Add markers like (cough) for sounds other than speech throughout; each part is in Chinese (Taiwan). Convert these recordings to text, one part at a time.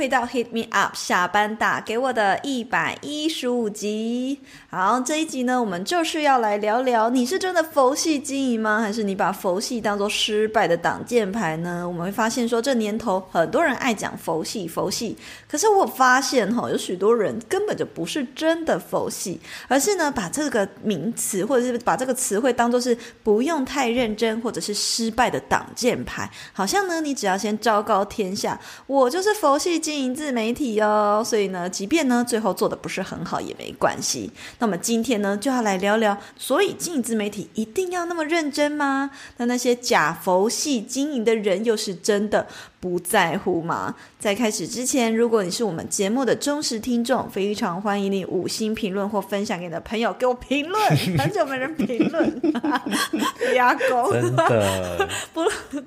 回到 Hit Me Up 下班打給我的一百一十五集，好，這一集呢，我們就是要來聊聊，你是真的佛系經營嗎？還是你把佛系當做失敗的擋箭牌呢？我們會發現說，這年頭很多人愛講佛系，佛系，可是我發現哈、哦，有許多人根本就不是真的佛系，而是呢把這個名詞或者是把這個詞彙當做是不用太認真，或者是失敗的擋箭牌。好像呢，你只要先昭告天下，我就是佛系經營。經營自媒體哦，所以呢，即便呢，最後做的不是很好也沒關係。那麼今天呢，就要來聊聊，所以經營自媒體一定要那麼認真嗎？那那些假佛系經營的人又是真的？不在乎嗎？在開始之前，如果你是我們節目的忠實聽眾，非常歡迎你五星評論或分享給你的朋友，給我評論。很久沒人評論 (laughs) (laughs) 功真的 (laughs) 不，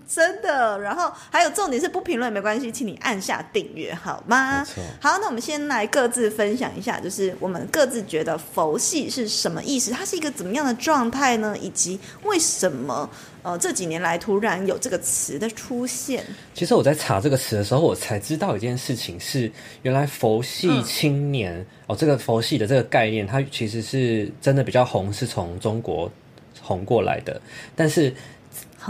真的？然後還有重點是不評論沒關係，請你按下訂閱，好嗎？錯好，那我們先來各自分享一下，就是我們各自覺得佛係是什麼意思？它是一個怎麼樣的狀態呢？以及為什麼？呃，這幾年來突然有這個詞的出現。其實我在查這個詞的時候，我才知道一件事情是，原來佛系青年、嗯、哦，這個佛系的這個概念，它其實是真的比較紅，是從中國紅過來的，但是。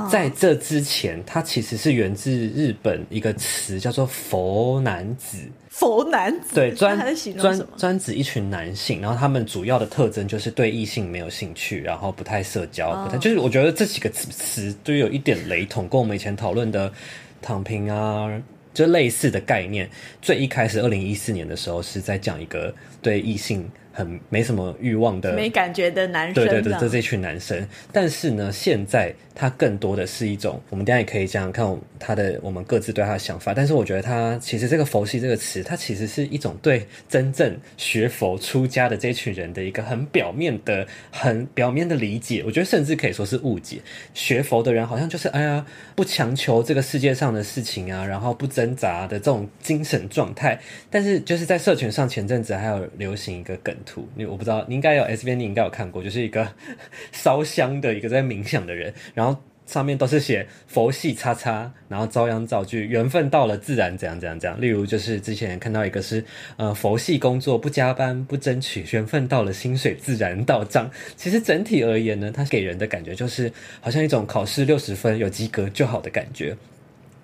在這之前，它其實是源自日本一個詞，叫做“佛男子”。佛男子對專專專指一群男性，然後他們主要的特徵就是對異性沒有興趣，然後不太社交。不太、哦、就是我覺得這幾個詞都有一點雷同，跟我們以前討論的“躺平”啊，就類似的概念。最一開始，二零一四年的時候是在講一個對異性。很沒什麼欲望的、沒感覺的男生的，對，對對對，這、就是、這群男生。但是呢，現在他更多的是一種，我們等下也可以這樣看他的，我們各自對他的想法。但是我覺得他，他其實這個“佛系”這個詞，它其實是一種對真正學佛出家的這群人的一個很表面的、很表面的理解。我覺得甚至可以說是誤解。學佛的人好像就是哎呀，不強求這個世界上的事情啊，然後不掙扎的這種精神狀態。但是就是在社群上，前陣子還有流行一個梗，圖你我不知道，你應該有 S B 你應該有看過，就是一個燒 (laughs) 香的一個在冥想的人，然後上面都是寫佛系叉叉，然後照樣造句，緣分到了自然怎樣怎樣怎樣。例如就是之前看到一個是呃佛系工作，不加班不爭取，緣分到了薪水自然到賬。其實整體而言呢，它給人的感覺就是好像一種考試六十分有及格就好的感覺。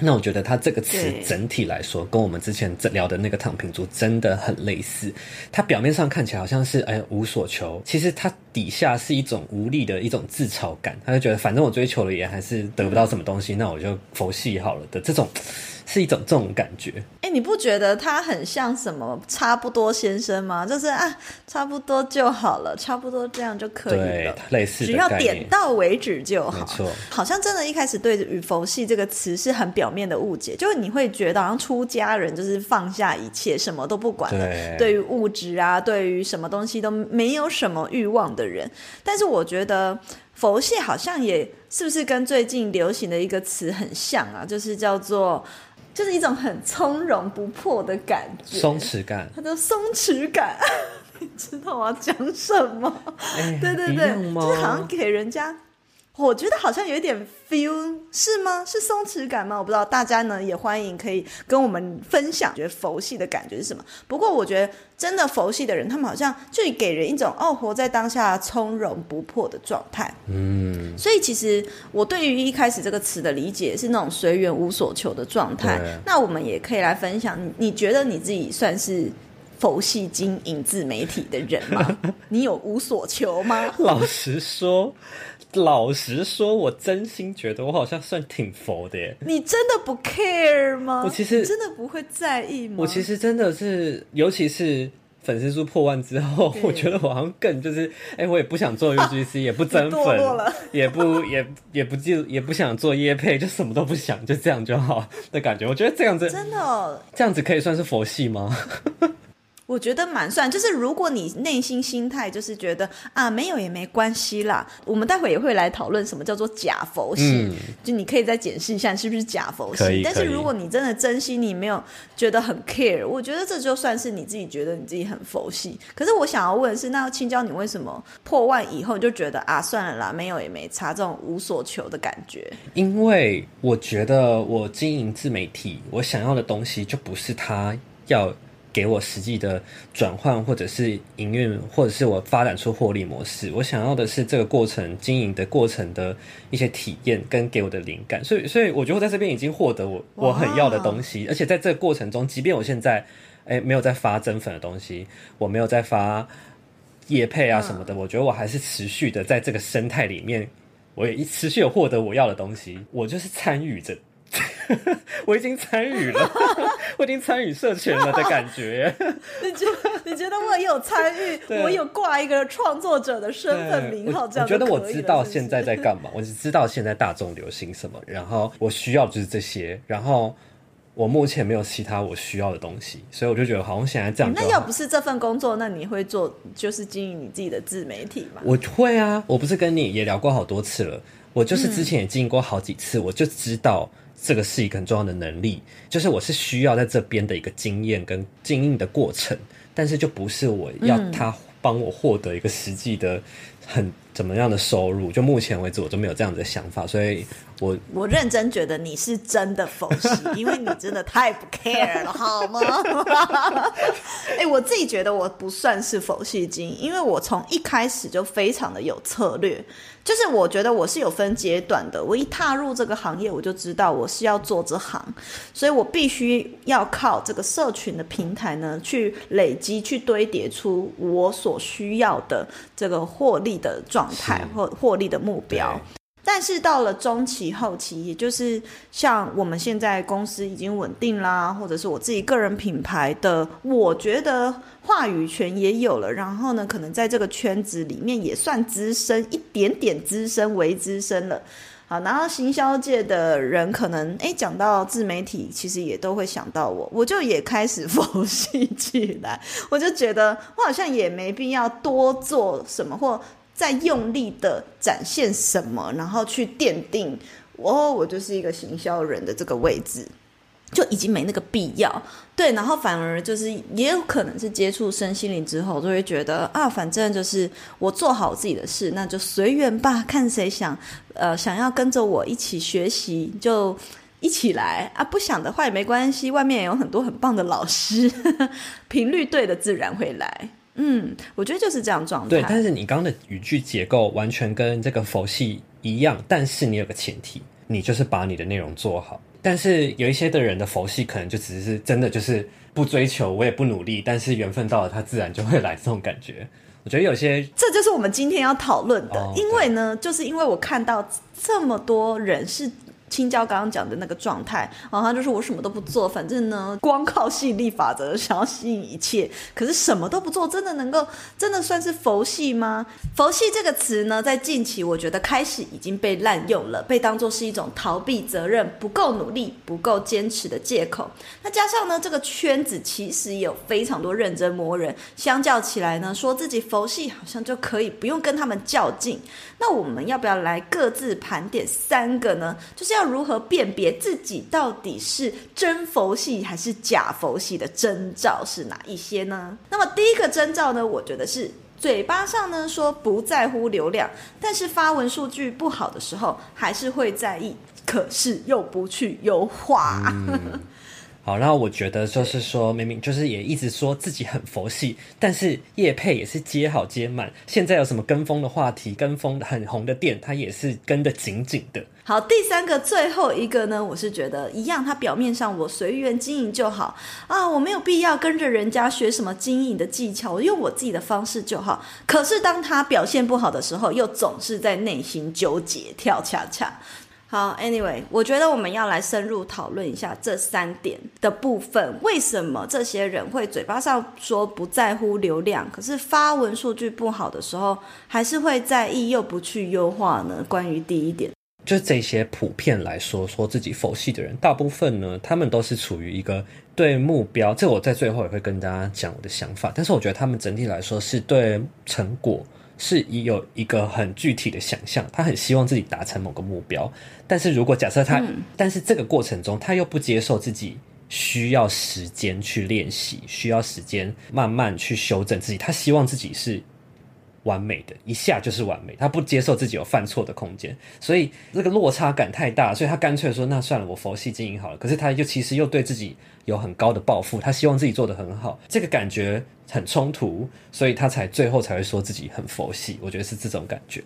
那我覺得他這個詞整體來說，對跟我們之前聊的那個躺平族真的很類似。他表面上看起來好像是哎無所求，其實他底下是一種無力的一種自嘲感。他就覺得反正我追求了也還是得不到什麼東西，嗯、那我就佛系好了的這種。是一種這種感覺，哎，你不覺得他很像什麼差不多先生嗎？就是啊，差不多就好了，差不多這樣就可以了，對，類似。只要點到為止就好。沒錯。好像真的一開始對於佛系這個詞是很表面的誤解，就是你會覺得，好像出家人就是放下一切，什麼都不管了，對，對於物質啊，對於什麼東西都沒有什麼慾望的人。但是我覺得佛系好像也是不是跟最近流行的一個詞很像啊？就是叫做。就是一種很從容不迫的感覺，鬆鬆弛感，他的鬆弛感，你知道我要講什麼？欸、 (laughs) 對對對，就是好像給人家。我覺得好像有點 feel，是嗎？是鬆弛感嗎？我不知道。大家呢也歡迎可以跟我們分享，覺得佛系的感覺是什麼？不過我覺得真的佛系的人，他們好像就給人一種哦，活在當下、從容不迫的狀態。嗯，所以其實我對於一開始這個詞的理解是那種隨緣無所求的狀態。對那我們也可以來分享你，你你覺得你自己算是？佛系經營自媒體的人嗎？ (laughs) 你有無所求嗎？ (laughs) 老實說，老實說，我真心覺得我好像算挺佛的耶。你真的不 care 嗎？我其實，你真的不會在意嗎？我其實真的是，尤其是粉絲數破萬之後，對我覺得我好像更就是，哎、欸，我也不想做 UGC， (laughs) 也不增粉， (laughs) 落了 (laughs) 也不也也不記，也不想做業配，就什麼都不想，就這樣就好的感覺。我覺得這樣子真的，這樣子可以算是佛系嗎？ (laughs) 我覺得蠻算，就是如果你內心心態就是覺得啊，沒有也沒關係啦，我們待會也會來討論什麼叫做假佛系，嗯、就你可以再解釋一下是不是假佛系。可以，可以。但是如果你真的珍惜，你沒有覺得很 care，我覺得這就算是你自己覺得你自己很佛系。可是我想要問的是，那要請教你為什麼破萬以後就覺得啊，算了啦，沒有也沒差，這種無所求的感覺？因為我覺得我經營自媒體，我想要的東西就不是他要。給我實際的轉換，或者是營運，或者是我發展出獲利模式，我想要的是這個過程經營的過程的一些體驗跟給我的靈感。所以，所以我覺得我在這邊已經獲得我我很要的東西。而且在這個過程中，即便我現在哎沒有在發增粉的東西，我沒有在發業配啊什麼的，我覺得我還是持續的在這個生態裡面，我也持續有獲得我要的東西。我就是參與着。 (laughs) 我已經參與了， (laughs) 我已經參與社群了的感覺。 (laughs) (laughs) 你覺得你覺得我有參與，對我有掛一個創作者的身份名號，這樣是是覺得我知道現在在幹嘛，我只知道現在大眾流行什麼，然後我需要就是這些，然後我目前沒有其他我需要的東西，所以我就覺得好像現在這樣，嗯。那要不是這份工作，那你會做就是經營你自己的自媒體嗎？我會啊，我不是跟你也聊過好多次了，我就是之前也經營過好幾次，嗯、我就知道。這個是一個很重要的能力，就是我是需要在這邊的一個經驗跟經營的過程，但是就不是我要他幫我獲得一個實際的很什麼樣的收入？就目前為止，我都沒有這樣的想法，所以我我認真覺得你是真的佛系， (laughs) 因為你真的太不 care 了，好嗎？哎、 (laughs) 欸，我自己覺得我不算是佛系經，因為我從一開始就非常的有策略，就是我覺得我是有分階段的。我一踏入這個行業，我就知道我是要做這行，所以我必須要靠這個社群的平台呢，去累積、去堆疊出我所需要的這個獲利的狀態態或獲利的目標，是，但是到了中期後期，也就是像我們現在公司已經穩定啦，或者是我自己個人品牌的，我覺得話語權也有了。然後呢，可能在這個圈子裡面也算資深一點點，資深為資深了。好，然後行銷界的人可能哎，講、欸、到自媒體，其實也都會想到我，我就也開始佛系起來。我就覺得我好像也沒必要多做什麼或。在用力的展現什麼，然後去奠定，哦，我就是一個行銷人的這個位置，就已經沒那個必要。對，然後反而就是也有可能是接觸身心靈之後，就會覺得啊，反正就是我做好我自己的事，那就隨緣吧，看誰想呃想要跟着我一起學習，就一起來啊。不想的話也沒關係，外面也有很多很棒的老師，頻 (laughs) 率對的自然會來。嗯，我覺得就是這樣狀態。對，但是你剛剛的語句結構完全跟這個佛系一樣，但是你有個前提，你就是把你的內容做好。但是有一些的人的佛系可能就只是真的就是不追求，我也不努力，但是緣分到了，他自然就會來這種感覺。我覺得有些，這就是我們今天要討論的，哦，因為呢，就是因為我看到這麼多人是。青椒剛剛講的那個狀態，然後他就是我什麼都不做，反正呢光靠吸引力法則想要吸引一切，可是什麼都不做，真的能夠真的算是佛系嗎？佛系這個詞呢，在近期我覺得開始已經被濫用了，被當作是一種逃避責任、不夠努力、不夠堅持的借口。那加上呢，這個圈子其實也有非常多認真魔人，相較起來呢，說自己佛系好像就可以不用跟他們較勁。那我們要不要來各自盤點三個呢？就是要如何辨別自己到底是真佛系還是假佛系的徵兆是哪一些呢？那麼第一個徵兆呢，我覺得是嘴巴上呢說不在乎流量，但是發文數據不好的時候還是會在意，可是又不去優化。嗯。好，然後我覺得就是說，明明就是也一直說自己很佛系，但是業配也是接好接滿，現在有什麼跟風的話題、跟風的很紅的店，他也是跟得緊緊的。好，第三個最後一個呢，我是覺得一樣，他表面上我隨緣經營就好啊，我沒有必要跟着人家學什麼經營的技巧，我用我自己的方式就好。可是當他表現不好的時候，又總是在內心糾結，跳恰恰。好，Anyway，我覺得我們要來深入討論一下這三點的部分，為什麼這些人會嘴巴上說不在乎流量，可是發文數據不好的時候還是會在意又不去優化呢？關於第一點，就這些普遍來說說自己佛系的人，大部分呢，他們都是處於一個對目標，這我在最後也會跟大家講我的想法，但是我覺得他們整體來說是對成果。是已有一個很具體的想象，他很希望自己達成某個目標，但是如果假設他，嗯、但是這個過程中他又不接受自己需要時間去練習，需要時間慢慢去修正自己，他希望自己是。完美的，一下就是完美，他不接受自己有犯錯的空間，所以這個落差感太大，所以他乾脆說那算了，我佛系經營好了。可是他又其實又對自己有很高的抱負，他希望自己做得很好，這個感覺很衝突，所以他才最後才會說自己很佛系。我覺得是這種感覺。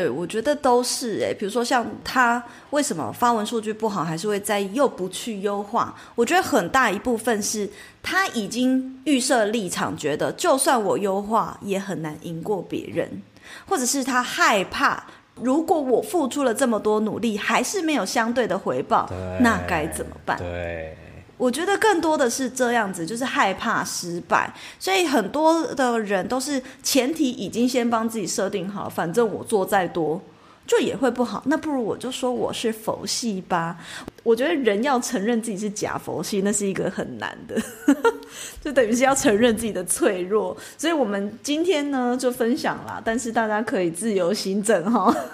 對，我覺得都是誒、欸，比如說像他為什麼發文數據不好，還是會在意，又不去優化。我覺得很大一部分是他已經預設立場，覺得就算我優化也很難贏過別人，或者是他害怕，如果我付出了這麼多努力，還是沒有相對的回報，對那該怎麼辦？對。我覺得更多的是這樣子，就是害怕失敗，所以很多的人都是前提已經先幫自己設定好，反正我做再多，就也會不好，那不如我就說我是佛系吧。我覺得人要承認自己是假佛系，那是一個很難的， (laughs) 就等於是要承認自己的脆弱。所以我們今天呢，就分享啦，但是大家可以自由心證哈、哦。 (laughs)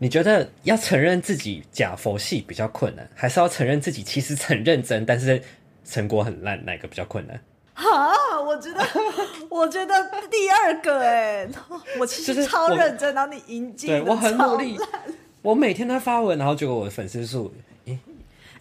你覺得要承認自己假佛系比較困難，還是要承認自己其實很認真，但是成果很爛，哪、那個比較困難？哈，我覺得， (laughs) 我覺得第二個哎、欸，我其實超認真，我然後你迎接對，爛對我很努力，我每天都發文，然後結果我的粉絲數，哎、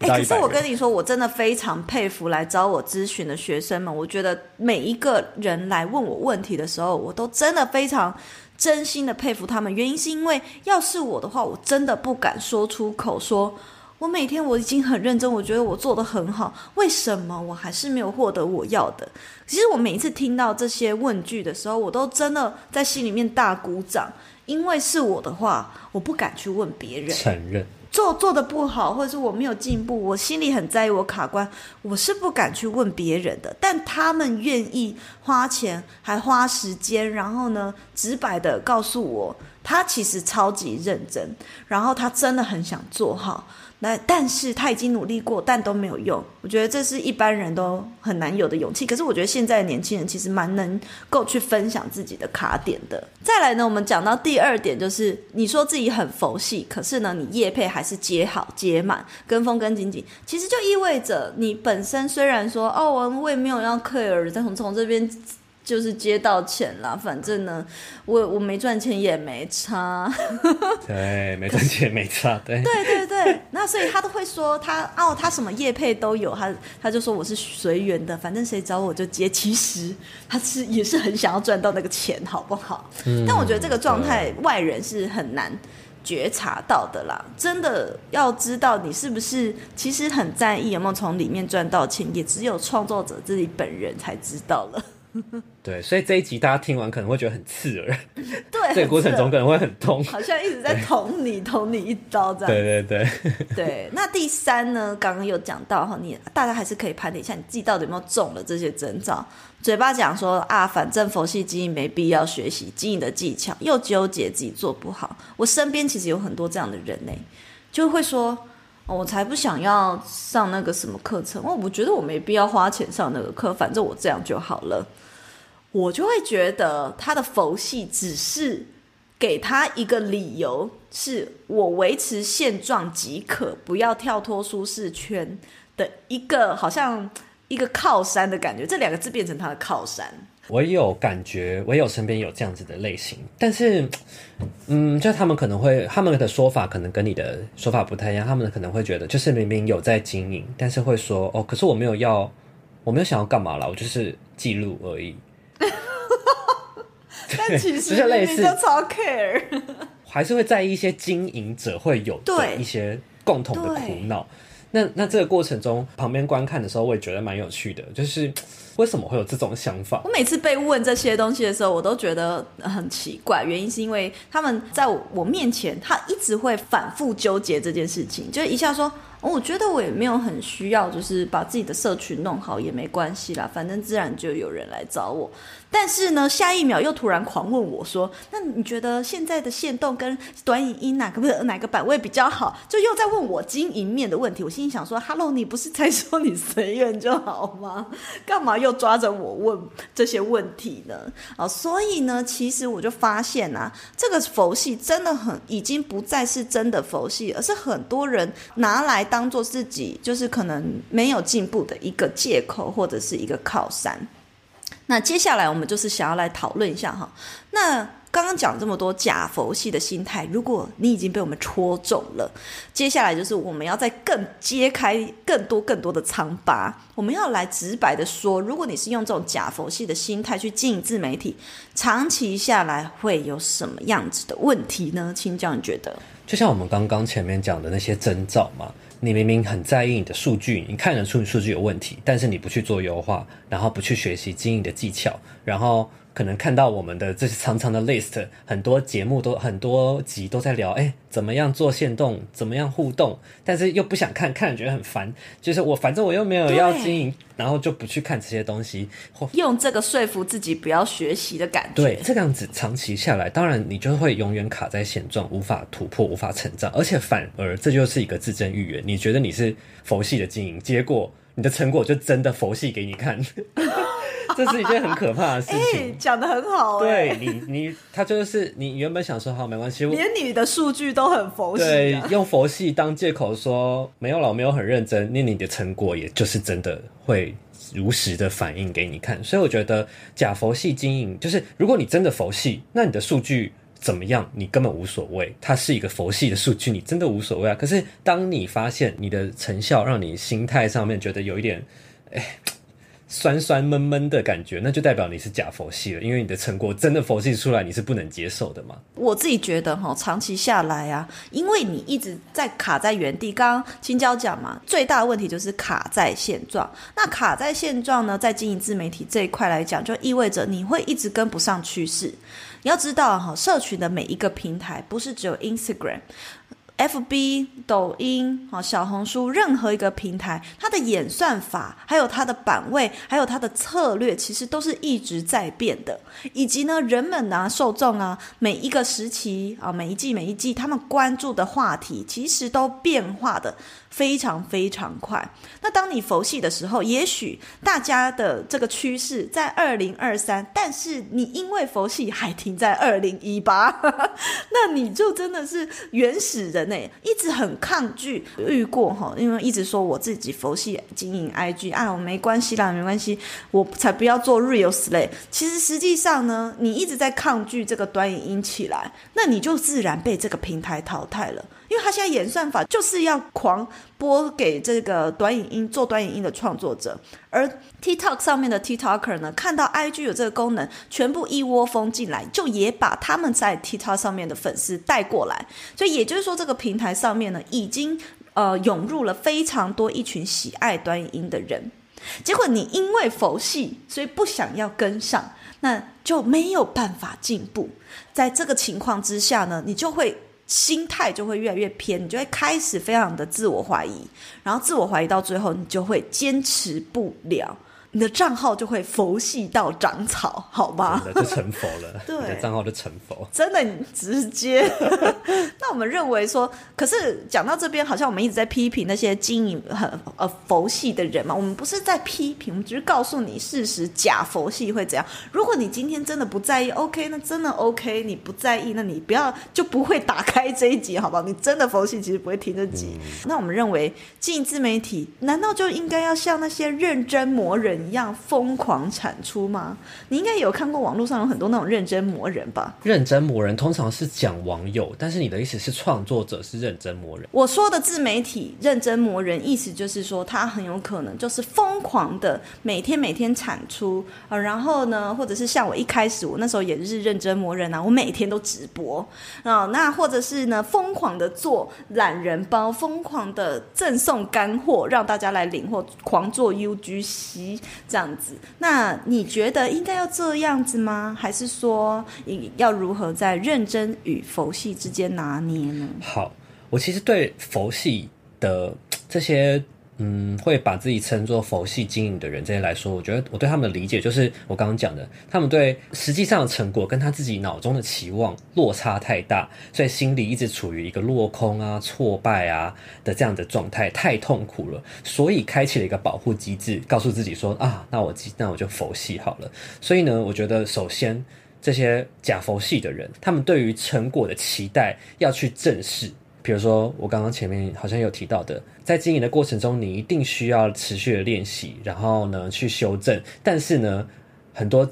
欸欸，可是我跟你說，我真的非常佩服來找我諮詢的學生們，我覺得每一個人來問我問題的時候，我都真的非常。真心的佩服他們，原因是因為要是我的話，我真的不敢說出口說。說我每天我已經很認真，我覺得我做得很好，為什麼我還是沒有獲得我要的？其實我每一次聽到這些問句的時候，我都真的在心裡面大鼓掌，因為是我的話，我不敢去問別人。承認。做做的不好，或者是我沒有進步，我心裡很在意我卡關，我是不敢去問別人的，但他們願意花錢，還花時間，然後呢，直白的告訴我，他其實超級認真，然後他真的很想做好。那但是他已經努力過，但都沒有用。我覺得這是一般人都很難有的勇氣。可是我覺得現在的年輕人其實蠻能夠去分享自己的卡點的。再來呢，我們講到第二點，就是你說自己很佛系，可是呢，你業配還是接好接滿，跟風跟緊緊，其實就意味着你本身雖然說，哦，我也沒有讓克爾從從這邊。就是接到錢啦，反正呢，我我沒賺錢也沒差， (laughs) 對，沒賺錢是沒差，對，對對對。那 (laughs) 所以他都會說他哦，他什麼業配都有，他他就說我是隨緣的，反正誰找我就接。其實他是也是很想要賺到那個錢，好不好？嗯、但我覺得這個狀態對外人是很難覺察到的啦。真的要知道你是不是其實很在意有沒有從裡面賺到錢，也只有創作者自己本人才知道了。 (laughs) 對，所以這一集大家聽完可能會覺得很刺耳， (laughs) 對，這個過程中可能會很痛， (laughs) 很 (laughs) 好像一直在捅你， (laughs) 捅你一刀這樣子。 (laughs) 對對對 (laughs) 對。那第三呢？剛剛有講到哈，你大家還是可以盤點一下，你自己到底有沒有中了這些徵兆？嘴巴講說啊，反正佛系經營沒必要學習經營的技巧，又糾結自己做不好。我身邊其實有很多這樣的人呢，欸，就會說。我才不想要上那個什麼課程，我覺得我沒必要花錢上那個課，反正我這樣就好了。我就會覺得他的佛系只是給他一個理由，是我維持現狀即可，不要跳脫舒適圈的一個好像一個靠山的感覺，這兩個字變成他的靠山。我也有感覺，我也有身邊有這樣子的類型，但是，嗯，就他們可能會他們的說法可能跟你的說法不太一樣，他們可能會覺得就是明明有在經營，但是會說哦，可是我沒有要，我沒有想要幹嘛啦，我就是記錄而已。那 (laughs) 對其實你這 (laughs) 就類似超 care，還是會在意一些經營者會有對一些共同的苦惱。那那這個過程中，旁邊觀看的時候，我也覺得蠻有趣的，就是為什麼會有這種想法？我每次被問這些東西的時候，我都覺得很奇怪，原因是因為他們在我我面前，他一直會反復糾結這件事情，就是一下說。哦、我覺得我也沒有很需要，就是把自己的社群弄好也沒關係啦，反正自然就有人來找我。但是呢，下一秒又突然狂問我說：“那你覺得現在的限動跟短影音哪個哪個版位比較好？”就又在問我經營面的問題。我心裡想說：“哈嘍，你不是在說你隨緣就好嗎？幹嘛又抓着我問這些問題呢？”啊、哦，所以呢，其實我就發現啊，這個佛系真的很，已經不再是真的佛系，而是很多人拿來。當做自己就是可能沒有進步的一個借口，或者是一個靠山。那接下來我們就是想要來討論一下哈。那剛剛講這麼多假佛系的心態，如果你已經被我們戳中了，接下來就是我們要再更揭開更多更多的瘡疤。我們要來直白的說，如果你是用這種假佛系的心態去經營自媒體，長期下來會有什麼樣子的問題呢？青椒，你覺得？就像我們剛剛前面講的那些徵兆嘛。你明明很在意你的數據，你看得出你數據有問題，但是你不去做優化，然後不去學習經營的技巧，然後。可能看到我們的這些長長的 list，很多節目都很多集都在聊，哎、欸，怎麼樣做限動，怎麼樣互動，但是又不想看，看得覺得很煩。就是我，反正我又沒有要經營，對然後就不去看這些東西，用這個說服自己不要學習的感覺。對，這樣子長期下來，當然你就會永遠卡在現狀，無法突破，無法成長，而且反而這就是一個自證預言。你覺得你是佛系的經營，結果你的成果就真的佛系給你看。 (laughs) (laughs) 這是一件很可怕的事情。講得、欸、很好、欸，對你，你他就是你原本想說好沒關係，我連你的數據都很佛系，對，用佛系當借口說沒有老，沒有很認真，那你的成果也就是真的會如實的反映給你看。所以我覺得假佛系經營，就是如果你真的佛系，那你的數據怎麼樣，你根本無所謂，它是一個佛系的數據，你真的無所謂啊。可是當你發現你的成效，讓你心態上面覺得有一點，誒、欸酸酸悶悶的感覺，那就代表你是假佛系了，因為你的成果真的佛系出來，你是不能接受的嘛。我自己覺得哈，長期下來啊，因為你一直在卡在原地。剛剛青椒講嘛，最大的問題就是卡在現狀。那卡在現狀呢，在經營自媒體這一塊來講，就意味着你會一直跟不上趨勢。你要知道哈，社群的每一個平台不是只有 Instagram。FB、抖音啊、小紅書，任何一個平台，它的演算法、還有它的版位、還有它的策略，其實都是一直在變的。以及呢，人們呢、啊、受眾啊，每一個時期啊、每一季、每一季，他們關注的話題其實都變化的，非常非常快。那當你佛系的時候，也許大家的這個趨勢在二零二三，但是你因為佛系還停在二零一八， (laughs) 那你就真的是原始人呢，一直很抗拒。遇過哈，因為一直說我自己佛系經營 IG，啊，我沒關係啦，沒關係，我才不要做 Reels。其實實際上呢，你一直在抗拒這個短影音起來，那你就自然被這個平台淘汰了。因為他現在演算法，就是要狂播給這個短影音、做短影音的創作者，而 TikTok 上面的 TikToker 呢，看到 IG 有這個功能，全部一窩蜂進來，就也把他們在 TikTok 上面的粉絲帶過來。所以也就是說，這個平台上面呢，已經，呃，湧入了非常多一群喜愛短影音的人。結果你因為佛系，所以不想要跟上，那就沒有辦法進步。在這個情況之下呢，你就會。心態就會越來越偏，你就會開始非常的自我懷疑，然後自我懷疑到最後，你就會堅持不了，你的賬號就會佛系到長草，好吧？你的就成佛了，對，你的賬號就成佛，真的，你直接。 (laughs) 那我們認為說，可是講到這邊，好像我們一直在批評那些經營很呃佛系的人嘛。我們不是在批評，我們只是告訴你事實，假佛系會怎樣。如果你今天真的不在意，OK，那真的 OK，你不在意，那你不要就不會打開這一集，好不好？你真的佛系，其實不會聽這集。嗯、那我們認為，經營自媒體難道就應該要像那些認真磨人一樣瘋狂產出嗎？你應該有看過網絡上有很多那種認真磨人吧？認真磨人通常是講網友，但是你的意思是？是創作者是認真魔人。我說的自媒體認真魔人，意思就是說他很有可能就是瘋狂的每天每天產出啊，然後呢，或者是像我一開始我那時候也是認真魔人啊，我每天都直播啊、哦，那或者是呢瘋狂的做懶人包，瘋狂的贈送乾貨讓大家來領貨，或狂做 UGC 這樣子。那你覺得應該要這樣子嗎？還是說你要如何在認真與佛系之間拿捏？好，我其實對佛系的這些，嗯，會把自己稱作佛系經營的人這些來說，我覺得我對他們的理解就是我剛剛講的，他們對實際上的成果跟他自己腦中的期望落差太大，所以心裡一直處於一個落空啊、挫敗啊的這樣的狀態，太痛苦了，所以開啟了一個保護機制，告訴自己說啊，那我那我就佛系好了。所以呢，我覺得首先，這些假佛系的人，他們對於成果的期待要去正視。比如說，我剛剛前面好像有提到的，在經營的過程中，你一定需要持續的練習，然後呢去修正。但是呢，很多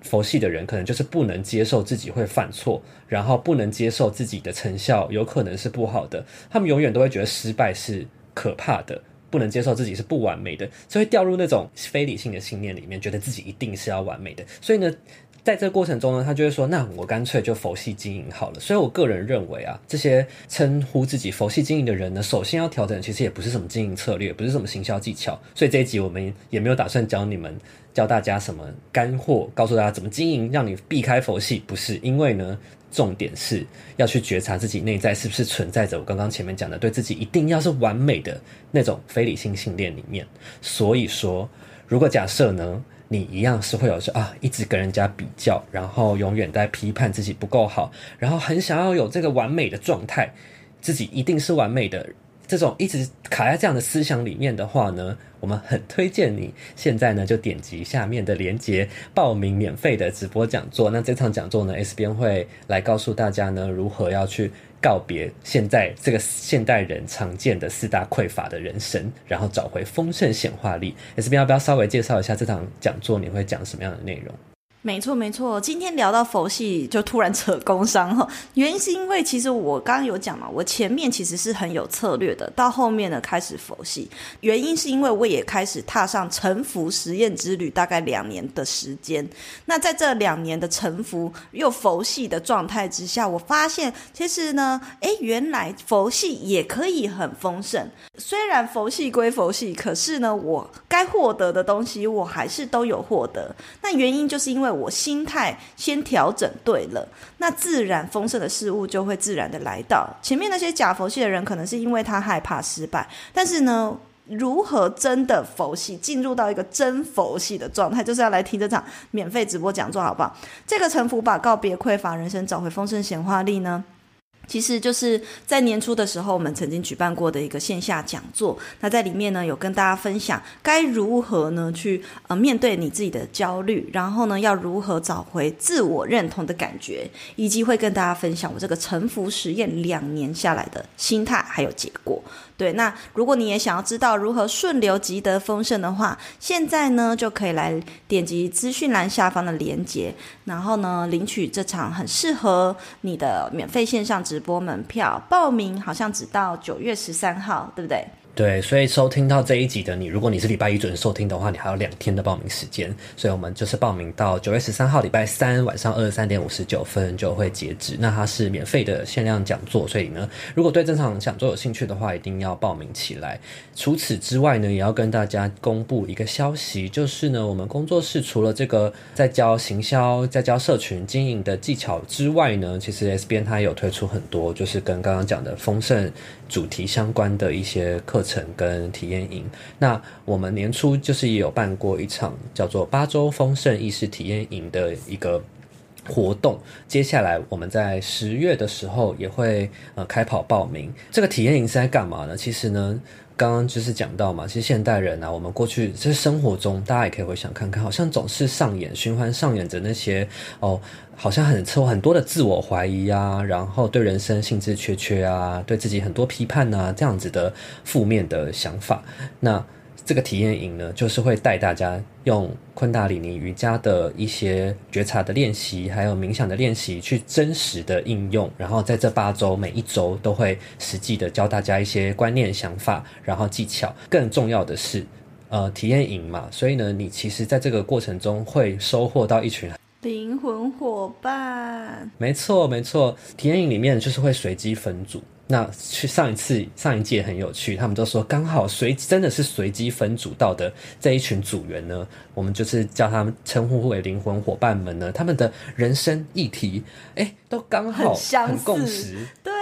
佛系的人可能就是不能接受自己會犯錯，然後不能接受自己的成效有可能是不好的。他們永遠都會覺得失敗是可怕的，不能接受自己是不完美的，就會掉入那種非理性的信念裡面，覺得自己一定是要完美的。所以呢，在這個過程中呢，他就會說：“那我乾脆就佛系經營好了。”所以，我個人認為啊，這些稱呼自己佛系經營的人呢，首先要調整，其實也不是什麼經營策略，不是什麼行銷技巧。所以這一集我們也沒有打算教你們、教大家什麼乾貨，告訴大家怎麼經營，讓你避開佛系。不是因為呢，重點是要去覺察自己內在是不是存在着我剛剛前面講的，對自己一定要是完美的那種非理性信念裡面。所以說，如果假設呢？你一樣是會有說啊，一直跟人家比較，然後永遠在批判自己不夠好，然後很想要有這個完美的狀態，自己一定是完美的。這種一直卡在這樣的思想裡面的話呢，我們很推薦你現在呢就點擊下面的鏈接報名免費的直播講座。那這場講座呢，S 編會來告訴大家呢如何要去。告別現在這個現代人常見的四大匱乏的人生，然後找回豐盛顯化力。S 編，要不要稍微介紹一下這場講座？你會講什麼樣的內容？沒錯，沒錯。今天聊到佛系，就突然扯工商，原因是因為其實我剛剛有講嘛，我前面其實是很有策略的，到後面呢，開始佛系，原因是因為我也開始踏上臣服實驗之旅，大概兩年的時間。那在這兩年的臣服又佛系的狀態之下，我發現其實呢，誒，原來佛系也可以很豐盛。雖然佛系歸佛系，可是呢，我該獲得的東西我還是都有獲得。那原因就是因為。我心態先調整對了，那自然豐盛的事物就會自然的來到。前面那些假佛系的人，可能是因為他害怕失敗，但是呢，如何真的佛系，進入到一個真佛系的狀態，就是要來聽這場免費直播講座，好不好？這個臣服吧告別匱乏人生，找回豐盛顯化力呢？其實就是在年初的時候，我們曾經舉辦過的一個線下講座。那在裡面呢，有跟大家分享該如何呢去呃面對你自己的焦慮，然後呢要如何找回自我認同的感覺，以及會跟大家分享我這個臣服實驗兩年下來的心態還有結果。對，那如果你也想要知道如何順流即得豐盛的話，現在呢就可以來點擊資訊欄下方的鏈接，然後呢領取這場很適合你的免費線上直播門票。報名好像只到九月十三號，對不對？對，所以收聽到這一集的你，如果你是禮拜一準時收聽的話，你還有兩天的報名時間，所以我們就是報名到九月十三號禮拜三晚上二十三點五十九分就會截止。那它是免費的限量講座，所以呢，如果對這場講座有興趣的話，一定要報名起來。除此之外呢，也要跟大家公布一個消息，就是呢，我們工作室除了這個在教行銷、在教社群經營的技巧之外呢，其實 S 編它也有推出很多，就是跟剛剛講的豐盛。主題相關的一些課程跟體驗營。那我們年初就是也有辦過一場叫做“八週豐盛意識體驗營”的一個活動接下來我們在十月的時候也會呃開跑報名。這個體驗營是在幹嘛呢？其實呢，剛剛就是講到嘛，其實現代人啊，我們過去其實生活中，大家也可以回想看看，好像總是上演循環，上演着那些哦，好像很抽很多的自我懷疑啊，然後對人生興致缺缺啊，對自己很多批判吶、啊，這樣子的負面的想法。那。這個體驗營呢，就是會帶大家用昆達里尼瑜伽的一些覺察的練習，還有冥想的練習去真實的應用。然後在這八周，每一周都會實際的教大家一些觀念、想法，然後技巧。更重要的是，呃，體驗營嘛，所以呢，你其實在這個過程中會收穫到一群靈魂夥伴。沒錯，沒錯，體驗營裡面就是會隨機分組。那去上一次上一屆也很有趣，他們都說剛好隨真的是隨機分組到的這一群組員呢，我們就是叫他們稱呼為靈魂伙伴們呢，他們的人生議題哎、欸、都剛好很共識，對。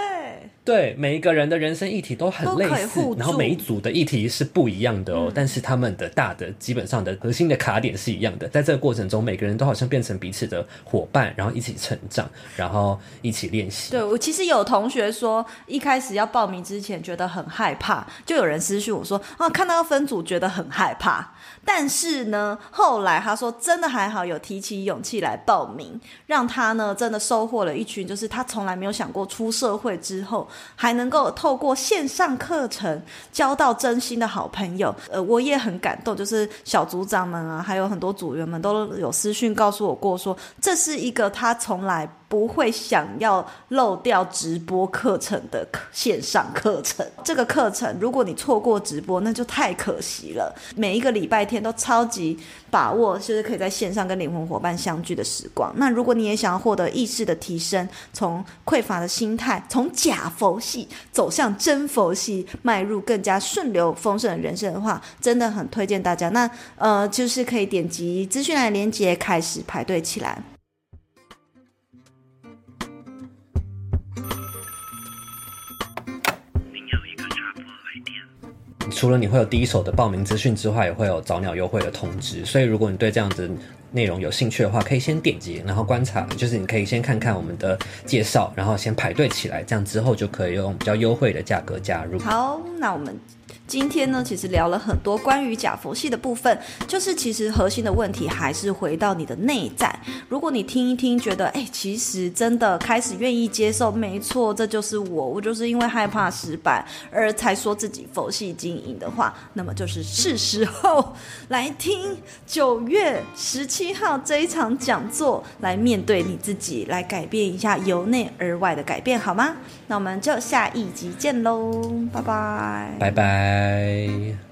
對，每一個人的人生議題都很類似，然後每一組的議題是不一樣的哦，嗯、但是他們的大的基本上的核心的卡點是一樣的。在這個過程中，每個人都好像變成彼此的夥伴，然後一起成長，然後一起練習。對，我其實有同學說，一開始要報名之前覺得很害怕，就有人私訊我說啊，看到要分組覺得很害怕。但是呢，後來他說真的還好，有提起勇氣來報名，讓他呢真的收穫了一群，就是他從來沒有想過出社會之後，還能夠透過線上課程交到真心的好朋友。呃，我也很感動，就是小組長們啊，還有很多組員們都有私訊告訴我過說，說這是一個他從來。不會想要漏掉直播課程的線上課程。這個課程，如果你錯過直播，那就太可惜了。每一個禮拜天都超級把握，就是可以在線上跟靈魂伙伴相聚的時光。那如果你也想要獲得意識的提升，從匱乏的心態，從假佛系走向真佛系，邁入更加順流豐盛的人生的話，真的很推薦大家。那呃，就是可以點擊資訊欄連結開始排隊起來。除了你會有第一手的報名資訊之外，也會有早鳥優惠的通知。所以，如果你對這樣子內容有興趣的話，可以先點擊，然後觀察，就是你可以先看看我們的介紹，然後先排隊起來，這樣之後就可以用比較優惠的價格加入。好，那我們今天呢，其實聊了很多關於假佛系的部分，就是其實核心的問題還是回到你的內在。如果你聽一聽，覺得哎、欸，其實真的開始願意接受，沒錯，這就是我，我就是因為害怕失敗而才說自己佛系經營的話，那麼就是是時候來聽九月十七日。七號這一場講座，來面對你自己，來改變一下由內而外的改變，好嗎？那我們就下一集見嘍，拜拜，拜拜。